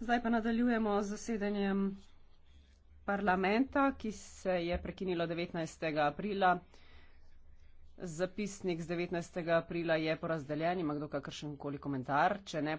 Zdaj pa nadaljujemo z zasedanjem parlamenta, ki se je prekinilo 19. aprila. Zapisnik z 19. aprila je porazdeljen. Ima kdo kakršen koli komentar? Če ne,